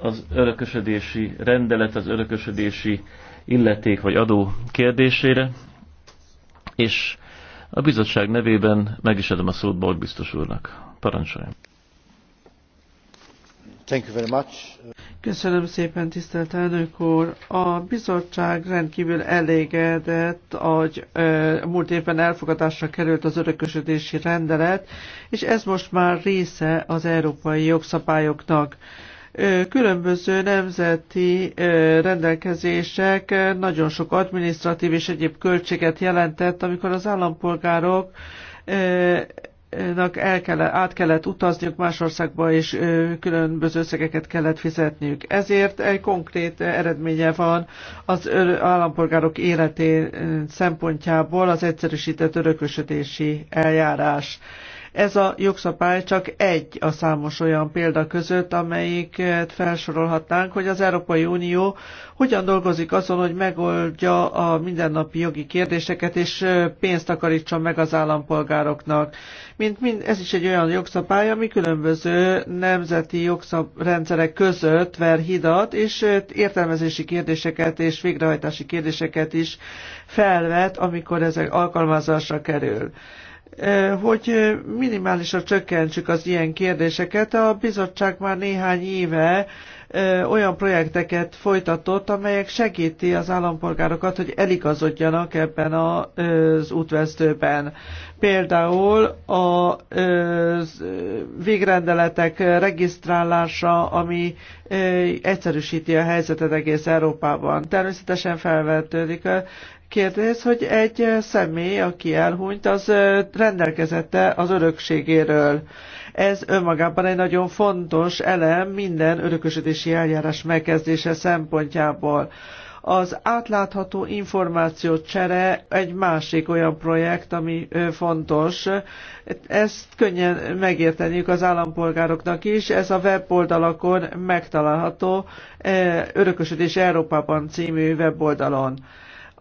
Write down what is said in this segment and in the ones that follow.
az örökösödési rendelet, az örökösödési illeték vagy adó kérdésére, és a bizottság nevében meg is adom a szót Borg biztos úrnak. Parancsoljon! Thank you very much. Köszönöm szépen, tisztelt elnök úr! A bizottság rendkívül elégedett, hogy múlt évben elfogadásra került az örökösödési rendelet, és ez most már része az európai jogszabályoknak. Különböző nemzeti rendelkezések nagyon sok administratív és egyéb költséget jelentett, amikor az állampolgárok el kellett, át kellett utazniuk más országba, és különböző összegeket kellett fizetniük. Ezért egy konkrét eredménye van az állampolgárok életén szempontjából az egyszerűsített örökösödési eljárás. Ez a jogszabály csak egy a számos olyan példa között, amelyiket felsorolhatnánk, hogy az Európai Unió hogyan dolgozik azon, hogy megoldja a mindennapi jogi kérdéseket, és pénzt takarítson meg az állampolgároknak. Mint, mint, ez is egy olyan jogszabály, ami különböző nemzeti jogszabrendszerek között ver hidat, és értelmezési kérdéseket és végrehajtási kérdéseket is felvet, amikor ezek alkalmazásra kerül. Eh, hogy eh, minimálisra csökkentsük az ilyen kérdéseket. A bizottság már néhány éve olyan projekteket folytatott, amelyek segíti az állampolgárokat, hogy eligazodjanak ebben az útvesztőben. Például a végrendeletek regisztrálása, ami egyszerűsíti a helyzetet egész Európában. Természetesen felvetődik kérdés, hogy egy személy, aki elhunyt, az rendelkezette az örökségéről. Ez önmagában egy nagyon fontos elem minden örökösödési eljárás megkezdése szempontjából. Az átlátható információ csere egy másik olyan projekt, ami fontos. Ezt könnyen megérteniük az állampolgároknak is. Ez a weboldalakon megtalálható Örökösödés Európában című weboldalon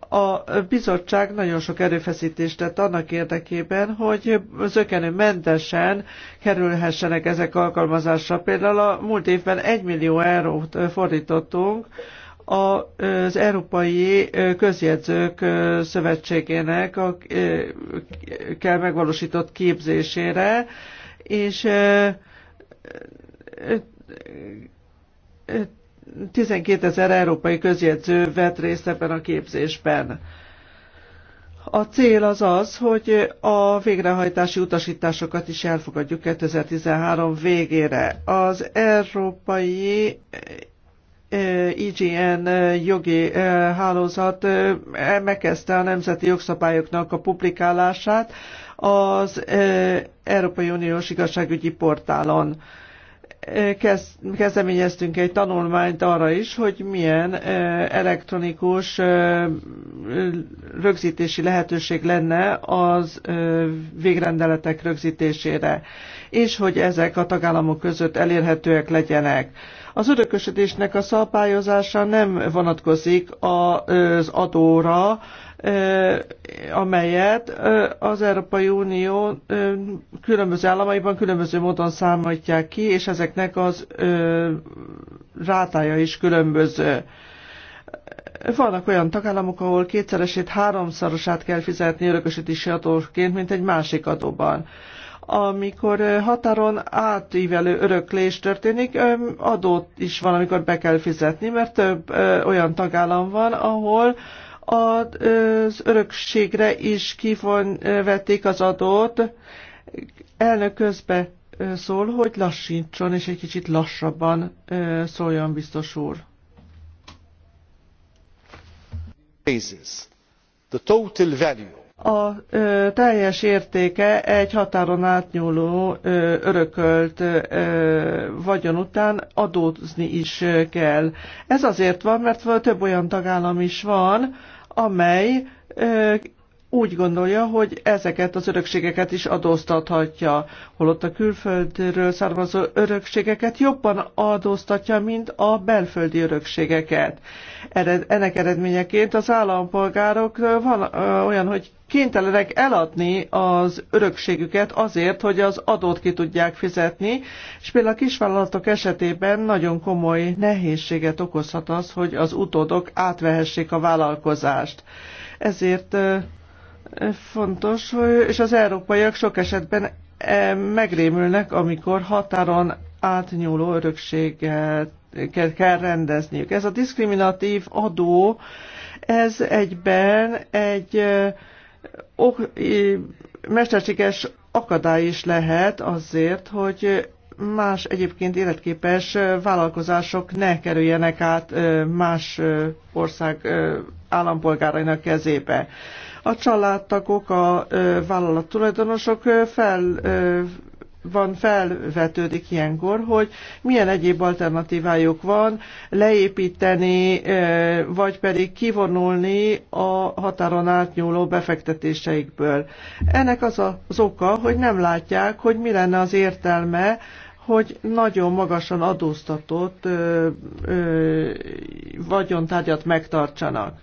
a bizottság nagyon sok erőfeszítést tett annak érdekében, hogy zökenőmentesen kerülhessenek ezek alkalmazásra. Például a múlt évben 1 millió eurót fordítottunk az Európai Közjegyzők Szövetségének a, kell megvalósított képzésére, és 12 ezer európai közjegyző vett részt ebben a képzésben. A cél az az, hogy a végrehajtási utasításokat is elfogadjuk 2013 végére. Az európai eh, IGN eh, jogi eh, hálózat megkezdte a nemzeti jogszabályoknak a publikálását az Európai Uniós igazságügyi portálon kezdeményeztünk egy tanulmányt arra is, hogy milyen elektronikus rögzítési lehetőség lenne az végrendeletek rögzítésére, és hogy ezek a tagállamok között elérhetőek legyenek. Az örökösödésnek a szabályozása nem vonatkozik az adóra, amelyet az Európai Unió különböző államaiban különböző módon számítják ki, és ezeknek az rátája is különböző. Vannak olyan tagállamok, ahol kétszeresét, háromszorosát kell fizetni örökösítési adóként, mint egy másik adóban amikor határon átívelő öröklés történik, adót is valamikor be kell fizetni, mert több olyan tagállam van, ahol az örökségre is kivették az adót. Elnök közbe szól, hogy lassítson, és egy kicsit lassabban szóljon biztos úr. The total value a ö, teljes értéke egy határon átnyúló ö, örökölt ö, vagyon után adózni is kell. Ez azért van, mert több olyan tagállam is van, amely úgy gondolja, hogy ezeket az örökségeket is adóztathatja, holott a külföldről származó örökségeket jobban adóztatja, mint a belföldi örökségeket. Ennek eredményeként az állampolgárok van olyan, hogy kénytelenek eladni az örökségüket azért, hogy az adót ki tudják fizetni, és például a kisvállalatok esetében nagyon komoly nehézséget okozhat az, hogy az utódok átvehessék a vállalkozást. Ezért Fontos, és az európaiak sok esetben e, megrémülnek, amikor határon átnyúló örökséget kell rendezniük. Ez a diszkriminatív adó, ez egyben egy e, mesterséges akadály is lehet azért, hogy más egyébként életképes vállalkozások ne kerüljenek át e, más ország állampolgárainak kezébe. A családtagok, a vállalat tulajdonosok fel van, felvetődik ilyenkor, hogy milyen egyéb alternatívájuk van leépíteni, vagy pedig kivonulni a határon átnyúló befektetéseikből. Ennek az az oka, hogy nem látják, hogy mi lenne az értelme, hogy nagyon magasan adóztatott vagyontárgyat megtartsanak.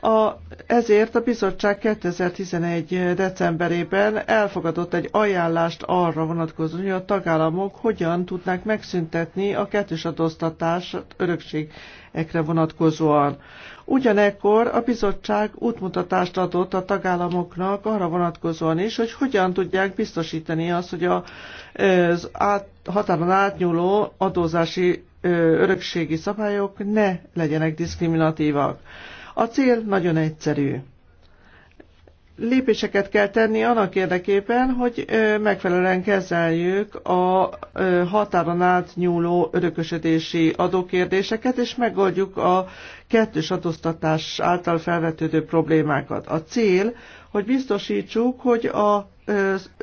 A, ezért a bizottság 2011. decemberében elfogadott egy ajánlást arra vonatkozóan, hogy a tagállamok hogyan tudnák megszüntetni a kettős adóztatás örökségekre vonatkozóan. Ugyanekkor a bizottság útmutatást adott a tagállamoknak arra vonatkozóan is, hogy hogyan tudják biztosítani azt, hogy a, az át, határon átnyúló adózási örökségi szabályok ne legyenek diszkriminatívak. A cél nagyon egyszerű. Lépéseket kell tenni annak érdekében, hogy megfelelően kezeljük a határon átnyúló örökösödési adókérdéseket, és megoldjuk a kettős adóztatás által felvetődő problémákat. A cél, hogy biztosítsuk, hogy a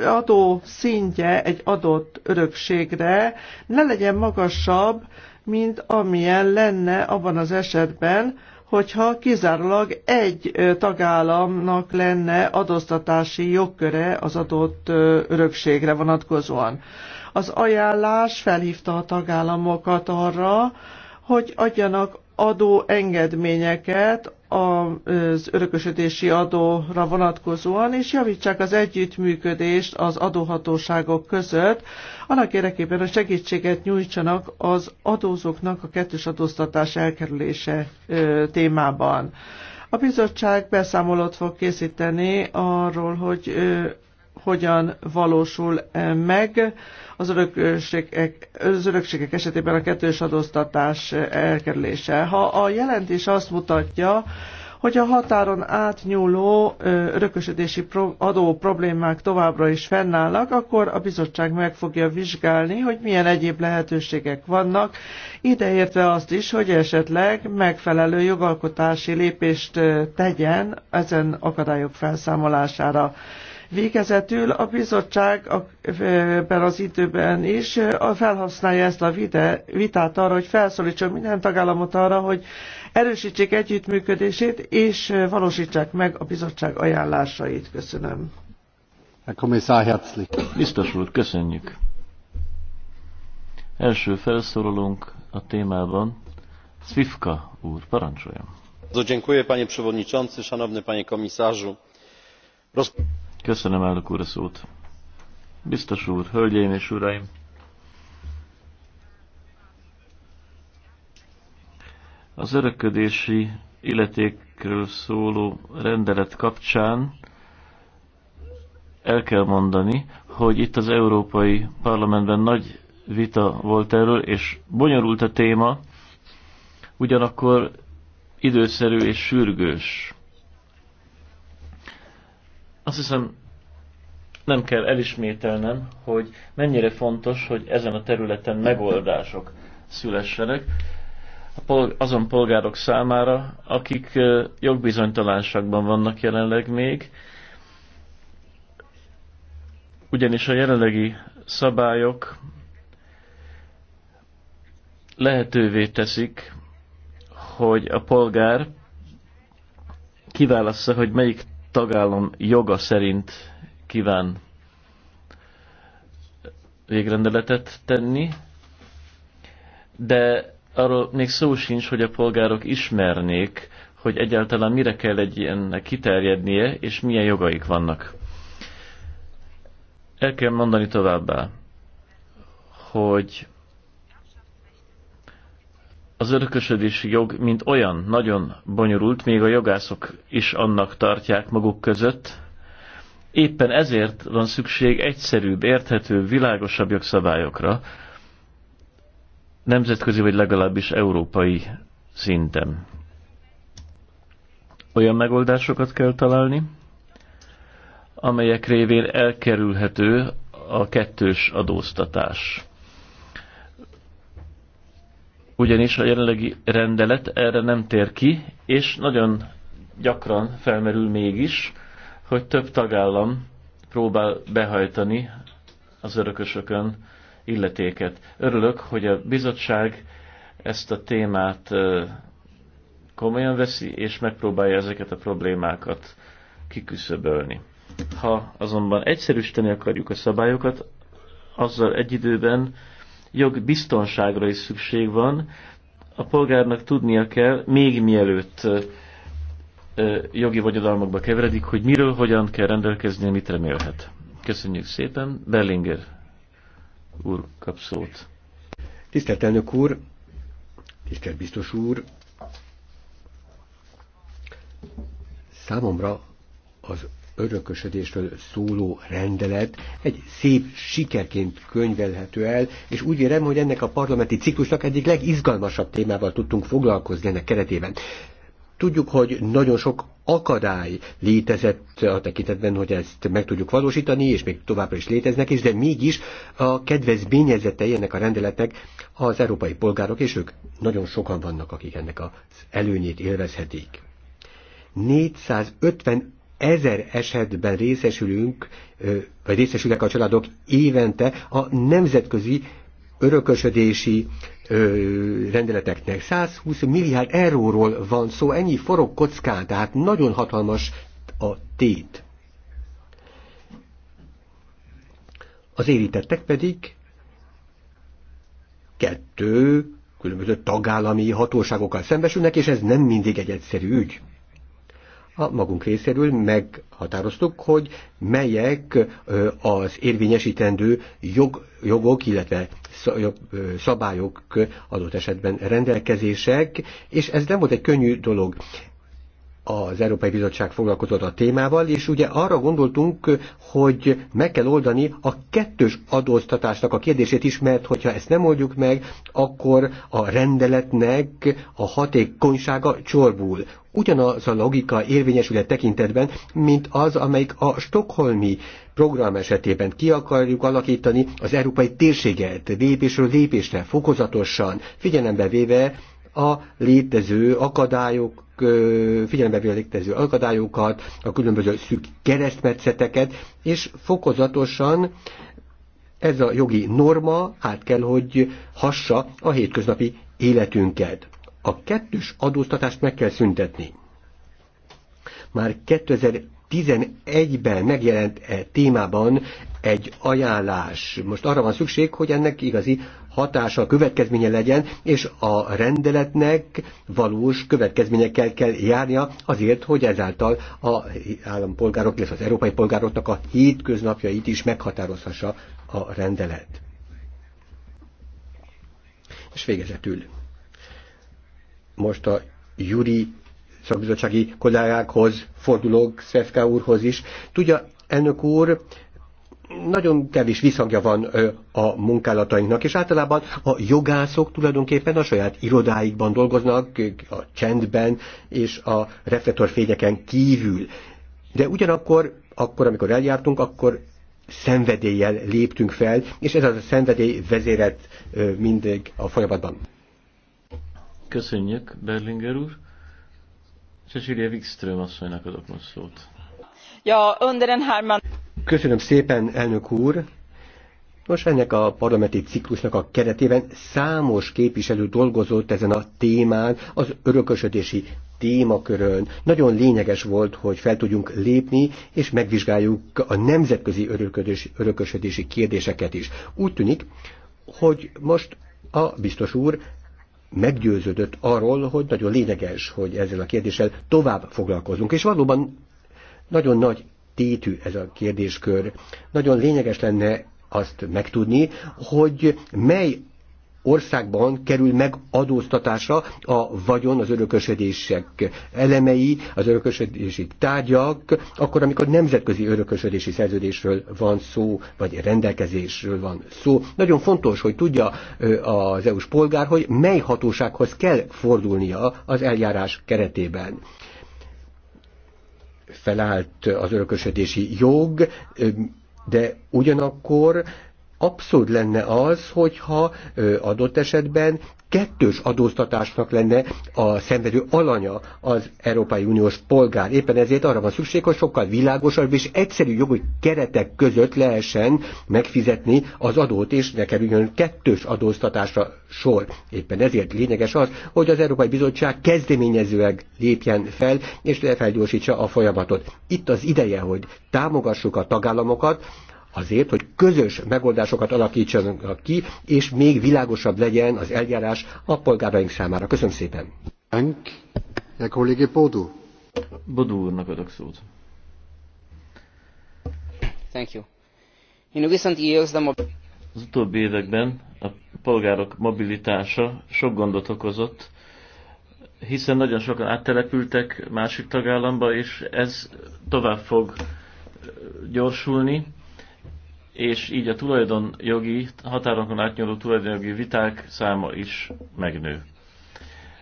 adó szintje egy adott örökségre ne legyen magasabb, mint amilyen lenne abban az esetben, hogyha kizárólag egy tagállamnak lenne adóztatási jogköre az adott örökségre vonatkozóan. Az ajánlás felhívta a tagállamokat arra, hogy adjanak adóengedményeket az örökösödési adóra vonatkozóan, és javítsák az együttműködést az adóhatóságok között, annak érdekében, hogy segítséget nyújtsanak az adózóknak a kettős adóztatás elkerülése témában. A bizottság beszámolót fog készíteni arról, hogy hogyan valósul eh, meg az örökségek, az örökségek esetében a kettős adóztatás eh, elkerülése. Ha a jelentés azt mutatja, hogy a határon átnyúló eh, örökösödési adó problémák továbbra is fennállnak, akkor a bizottság meg fogja vizsgálni, hogy milyen egyéb lehetőségek vannak, ideértve azt is, hogy esetleg megfelelő jogalkotási lépést tegyen ezen akadályok felszámolására. Végezetül a bizottság ebben az időben is felhasználja ezt a vitát arra, hogy felszólítson minden tagállamot arra, hogy erősítsék együttműködését és valósítsák meg a bizottság ajánlásait. Köszönöm. Herr Kommissar herzlich. Biztos úr, köszönjük. Első felszólalunk a témában Swifka úr, parancsoljon. Dziękuję panie przewodniczący, szanowny panie komisarzu. Roz... Köszönöm, elnök úr, a szót. Biztos úr, hölgyeim és uraim! Az öröködési illetékről szóló rendelet kapcsán el kell mondani, hogy itt az Európai Parlamentben nagy vita volt erről, és bonyolult a téma, ugyanakkor időszerű és sürgős. Azt hiszem, nem kell elismételnem, hogy mennyire fontos, hogy ezen a területen megoldások szülessenek azon polgárok számára, akik jogbizonytalanságban vannak jelenleg még, ugyanis a jelenlegi szabályok lehetővé teszik, hogy a polgár kiválassza, hogy melyik tagállam joga szerint kíván végrendeletet tenni, de arról még szó sincs, hogy a polgárok ismernék, hogy egyáltalán mire kell egy ilyennek kiterjednie, és milyen jogaik vannak. El kell mondani továbbá, hogy az örökösödési jog, mint olyan, nagyon bonyolult, még a jogászok is annak tartják maguk között. Éppen ezért van szükség egyszerűbb, érthető, világosabb jogszabályokra, nemzetközi vagy legalábbis európai szinten. Olyan megoldásokat kell találni, amelyek révén elkerülhető a kettős adóztatás ugyanis a jelenlegi rendelet erre nem tér ki, és nagyon gyakran felmerül mégis, hogy több tagállam próbál behajtani az örökösökön illetéket. Örülök, hogy a bizottság ezt a témát komolyan veszi, és megpróbálja ezeket a problémákat kiküszöbölni. Ha azonban egyszerűsíteni akarjuk a szabályokat, azzal egy időben jogbiztonságra is szükség van. A polgárnak tudnia kell, még mielőtt jogi vagyodalmakba keveredik, hogy miről, hogyan kell rendelkezni, mit remélhet. Köszönjük szépen. Berlinger úr kap szót. Tisztelt elnök úr, tisztelt biztos úr, számomra az örökösödésről szóló rendelet egy szép sikerként könyvelhető el, és úgy érem, hogy ennek a parlamenti ciklusnak egyik legizgalmasabb témával tudtunk foglalkozni ennek keretében. Tudjuk, hogy nagyon sok akadály létezett a tekintetben, hogy ezt meg tudjuk valósítani, és még továbbra is léteznek is, de mégis a kedvezményezetei ennek a rendeletnek az európai polgárok, és ők nagyon sokan vannak, akik ennek az előnyét élvezhetik. 450 ezer esetben részesülünk, vagy részesülnek a családok évente a nemzetközi örökösödési rendeleteknek. 120 milliárd euróról van szó, ennyi forog kockán, tehát nagyon hatalmas a tét. Az érintettek pedig kettő különböző tagállami hatóságokkal szembesülnek, és ez nem mindig egy egyszerű ügy a magunk részéről meghatároztuk, hogy melyek az érvényesítendő jog, jogok, illetve szabályok adott esetben rendelkezések, és ez nem volt egy könnyű dolog az Európai Bizottság foglalkozott a témával, és ugye arra gondoltunk, hogy meg kell oldani a kettős adóztatásnak a kérdését is, mert hogyha ezt nem oldjuk meg, akkor a rendeletnek a hatékonysága csorbul. Ugyanaz a logika érvényesül a tekintetben, mint az, amelyik a stokholmi program esetében ki akarjuk alakítani az európai térséget lépésről lépésre, fokozatosan, figyelembe véve a létező akadályok figyelembe véve létező akadályokat, a különböző szűk keresztmetszeteket, és fokozatosan ez a jogi norma át kell, hogy hassa a hétköznapi életünket. A kettős adóztatást meg kell szüntetni. Már 2000 2011-ben megjelent -e témában egy ajánlás. Most arra van szükség, hogy ennek igazi hatása, következménye legyen, és a rendeletnek valós következményekkel kell járnia azért, hogy ezáltal a állampolgárok, illetve az európai polgároknak a hétköznapjait is meghatározhassa a rendelet. És végezetül. Most a Juri szakbizottsági kollégákhoz fordulók, Szefka úrhoz is. Tudja, elnök úr, nagyon kevés visszhangja van a munkálatainknak, és általában a jogászok tulajdonképpen a saját irodáikban dolgoznak, a csendben és a reflektorfényeken kívül. De ugyanakkor, akkor, amikor eljártunk, akkor szenvedéllyel léptünk fel, és ez az a szenvedély vezéret mindig a folyamatban. Köszönjük, Berlinger úr. Cecilia Wikström asszonynak adok most szót. Ja, under den här Köszönöm szépen, elnök úr! Nos, ennek a parlamenti ciklusnak a keretében számos képviselő dolgozott ezen a témán, az örökösödési témakörön. Nagyon lényeges volt, hogy fel tudjunk lépni, és megvizsgáljuk a nemzetközi öröködés, örökösödési kérdéseket is. Úgy tűnik, hogy most a biztos úr meggyőződött arról, hogy nagyon lényeges, hogy ezzel a kérdéssel tovább foglalkozunk. És valóban nagyon nagy tétű ez a kérdéskör. Nagyon lényeges lenne azt megtudni, hogy mely országban kerül meg adóztatásra a vagyon, az örökösödések elemei, az örökösödési tárgyak, akkor, amikor nemzetközi örökösödési szerződésről van szó, vagy rendelkezésről van szó. Nagyon fontos, hogy tudja az EU-s polgár, hogy mely hatósághoz kell fordulnia az eljárás keretében felállt az örökösödési jog, de ugyanakkor abszurd lenne az, hogyha adott esetben kettős adóztatásnak lenne a szenvedő alanya az Európai Uniós polgár. Éppen ezért arra van szükség, hogy sokkal világosabb és egyszerű jogi keretek között lehessen megfizetni az adót, és ne kerüljön kettős adóztatásra sor. Éppen ezért lényeges az, hogy az Európai Bizottság kezdeményezőleg lépjen fel, és lefelgyorsítsa a folyamatot. Itt az ideje, hogy támogassuk a tagállamokat, azért, hogy közös megoldásokat alakítsanak ki, és még világosabb legyen az eljárás a polgáraink számára. Köszönöm szépen! Dank, Herr Kollege Bodu. Bodu úrnak adok szót. Thank you. In recent years, the az utóbbi években a polgárok mobilitása sok gondot okozott, hiszen nagyon sokan áttelepültek másik tagállamba, és ez tovább fog gyorsulni és így a tulajdonjogi, határokon átnyúló tulajdonjogi viták száma is megnő.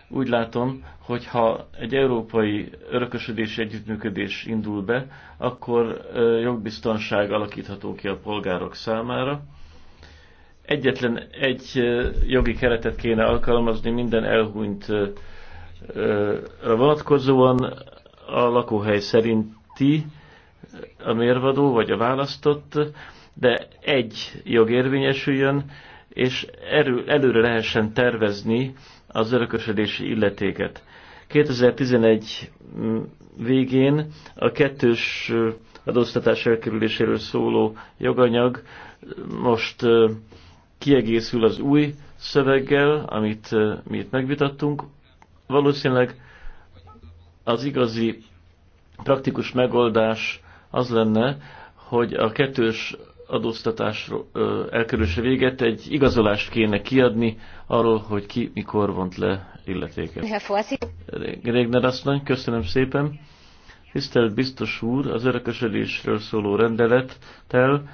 Úgy látom, hogy ha egy európai örökösödési együttműködés indul be, akkor jogbiztonság alakítható ki a polgárok számára. Egyetlen egy jogi keretet kéne alkalmazni minden elhunyt vonatkozóan a lakóhely szerinti a mérvadó vagy a választott, de egy jog érvényesüljön, és erő, előre lehessen tervezni az örökösödési illetéket. 2011 végén a kettős adóztatás elkerüléséről szóló joganyag most kiegészül az új szöveggel, amit mi itt megvitattunk. Valószínűleg az igazi praktikus megoldás az lenne, hogy a kettős adóztatás elkerülése véget egy igazolást kéne kiadni arról, hogy ki mikor vont le illetéket. Régner asszony, köszönöm szépen. Tisztelt biztos úr, az örökösödésről szóló rendelettel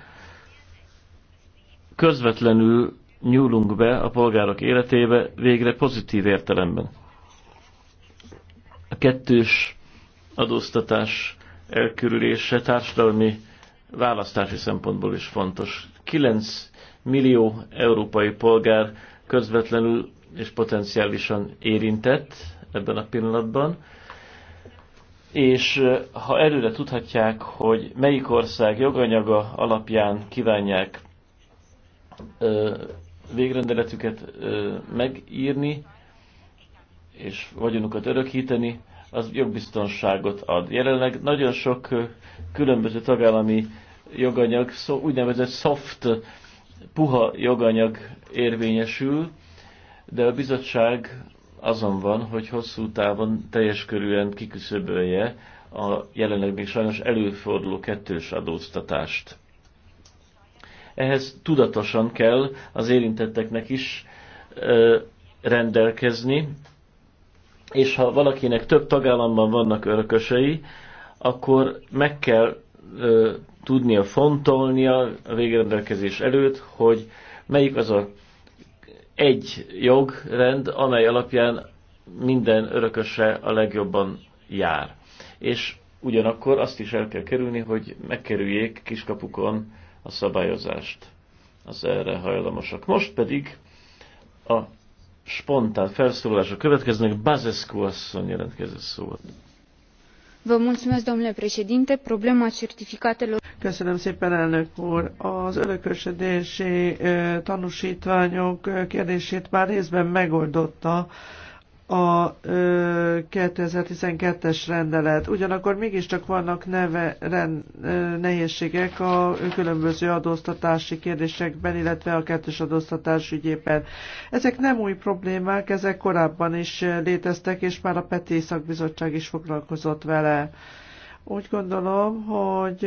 közvetlenül nyúlunk be a polgárok életébe, végre pozitív értelemben. A kettős adóztatás elkerülése társadalmi választási szempontból is fontos. 9 millió európai polgár közvetlenül és potenciálisan érintett ebben a pillanatban, és eh, ha előre tudhatják, hogy melyik ország joganyaga alapján kívánják ö, eh, végrendeletüket ö, eh, megírni, és vagyonukat örökíteni, az jogbiztonságot ad. Jelenleg nagyon sok különböző tagállami joganyag, szó, úgynevezett soft, puha joganyag érvényesül, de a bizottság azon van, hogy hosszú távon teljes körűen kiküszöbölje a jelenleg még sajnos előforduló kettős adóztatást. Ehhez tudatosan kell az érintetteknek is ö, rendelkezni, és ha valakinek több tagállamban vannak örökösei, akkor meg kell ö, tudnia, fontolnia a végrendelkezés előtt, hogy melyik az a egy jogrend, amely alapján minden örököse a legjobban jár. És ugyanakkor azt is el kell kerülni, hogy megkerüljék kiskapukon a szabályozást az erre hajlamosak. Most pedig a spontán felszólalások következnek. Bazescu asszony jelentkezett szóval. Vă mulțumesc, domnule președinte. Problema certificatelor... Köszönöm szépen, elnök úr. Az örökösödési tanúsítványok kérdését már részben megoldotta a 2012-es rendelet. Ugyanakkor mégiscsak vannak neve, ren, nehézségek a különböző adóztatási kérdésekben, illetve a kettős adóztatás ügyében. Ezek nem új problémák, ezek korábban is léteztek, és már a Peti Szakbizottság is foglalkozott vele. Úgy gondolom, hogy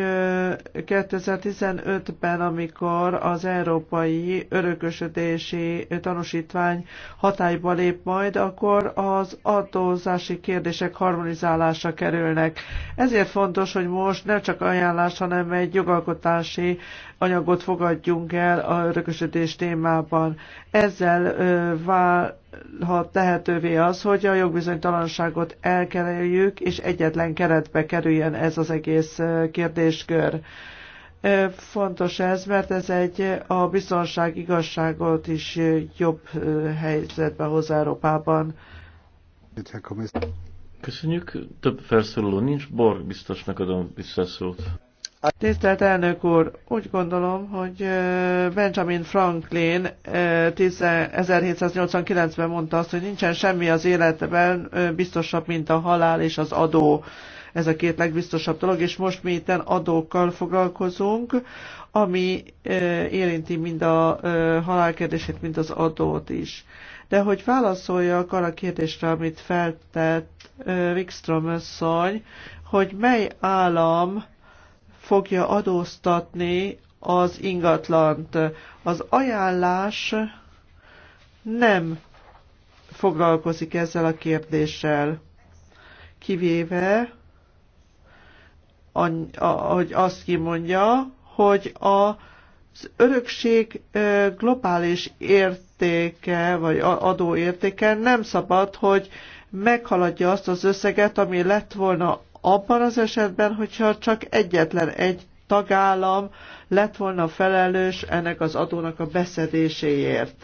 2015-ben, amikor az európai örökösödési tanúsítvány hatályba lép majd, akkor az adózási kérdések harmonizálása kerülnek. Ezért fontos, hogy most nem csak ajánlás, hanem egy jogalkotási anyagot fogadjunk el a örökösödés témában. Ezzel válhat lehetővé az, hogy a jogbizonytalanságot elkerüljük, és egyetlen keretbe kerüljen ez az egész kérdéskör. Fontos ez, mert ez egy a biztonság igazságot is jobb helyzetbe hoz Európában. Köszönjük. Több felszóló nincs. Borg biztosnak adom vissza szót. Tisztelt elnök úr, úgy gondolom, hogy Benjamin Franklin 1789-ben mondta azt, hogy nincsen semmi az életben biztosabb, mint a halál és az adó. Ez a két legbiztosabb dolog, és most mi itten adókkal foglalkozunk, ami érinti mind a halál kérdését, mind az adót is. De hogy válaszoljak arra a kérdésre, amit feltett Wikström asszony, hogy mely állam fogja adóztatni az ingatlant. Az ajánlás nem foglalkozik ezzel a kérdéssel, kivéve, hogy azt kimondja, hogy a az örökség globális értéke, vagy adóértéke nem szabad, hogy meghaladja azt az összeget, ami lett volna abban az esetben, hogyha csak egyetlen egy tagállam lett volna felelős ennek az adónak a beszedéséért.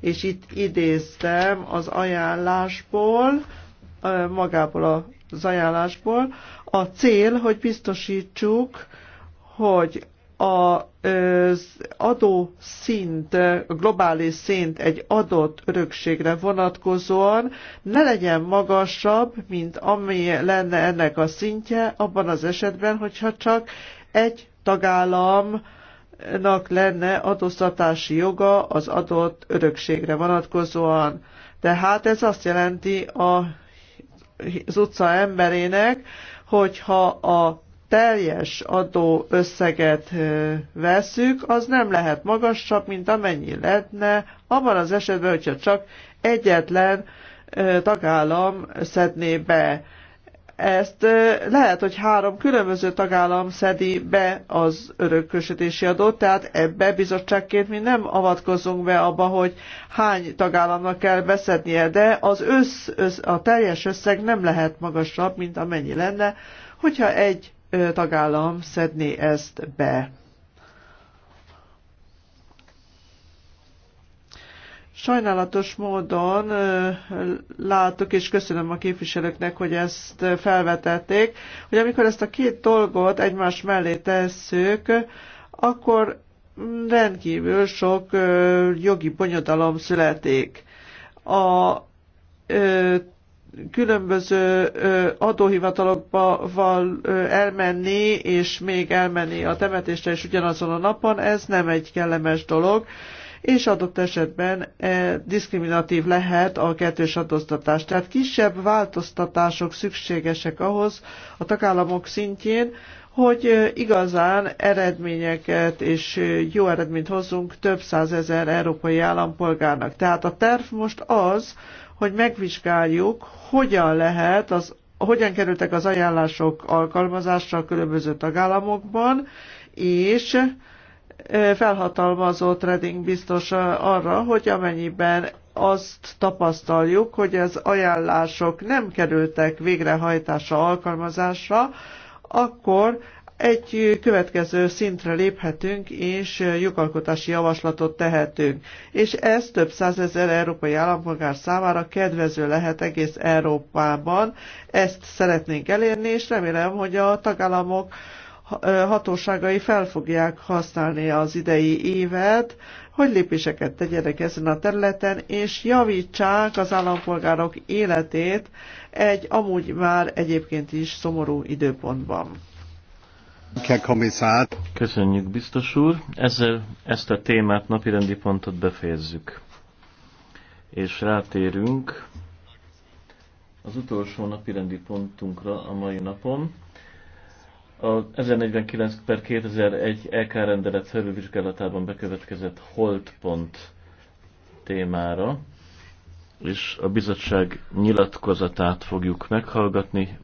És itt idéztem az ajánlásból, magából az ajánlásból, a cél, hogy biztosítsuk, hogy az adó szint, a globális szint egy adott örökségre vonatkozóan ne legyen magasabb, mint ami lenne ennek a szintje, abban az esetben, hogyha csak egy tagállamnak lenne adóztatási joga az adott örökségre vonatkozóan. Tehát ez azt jelenti a, az utca emberének, hogyha a teljes adó összeget veszük, az nem lehet magasabb, mint amennyi lenne, abban az esetben, hogyha csak egyetlen tagállam szedné be. Ezt lehet, hogy három különböző tagállam szedi be az örökösödési adót, tehát ebbe bizottságként mi nem avatkozunk be abba, hogy hány tagállamnak kell beszednie, de az össz, össz, a teljes összeg nem lehet magasabb, mint amennyi lenne, hogyha egy tagállam szedni ezt be. Sajnálatos módon látok, és köszönöm a képviselőknek, hogy ezt felvetették, hogy amikor ezt a két dolgot egymás mellé tesszük, akkor rendkívül sok jogi bonyodalom születik. A különböző adóhivatalokba val elmenni, és még elmenni a temetésre is ugyanazon a napon, ez nem egy kellemes dolog, és adott esetben e, diszkriminatív lehet a kettős adóztatás. Tehát kisebb változtatások szükségesek ahhoz a tagállamok szintjén, hogy igazán eredményeket és jó eredményt hozzunk több százezer európai állampolgárnak. Tehát a terv most az, hogy megvizsgáljuk, hogyan lehet az hogyan kerültek az ajánlások alkalmazásra a különböző tagállamokban, és felhatalmazott Reding biztos arra, hogy amennyiben azt tapasztaljuk, hogy az ajánlások nem kerültek végrehajtásra, alkalmazásra, akkor egy következő szintre léphetünk, és jogalkotási javaslatot tehetünk. És ez több százezer európai állampolgár számára kedvező lehet egész Európában. Ezt szeretnénk elérni, és remélem, hogy a tagállamok hatóságai fel fogják használni az idei évet, hogy lépéseket tegyenek ezen a területen, és javítsák az állampolgárok életét egy amúgy már egyébként is szomorú időpontban. Köszönjük, biztos úr. Ezzel ezt a témát, napirendi pontot befejezzük. És rátérünk az utolsó napirendi pontunkra a mai napon. A 1049 per 2001 EK rendelet felülvizsgálatában bekövetkezett holdpont témára, és a bizottság nyilatkozatát fogjuk meghallgatni.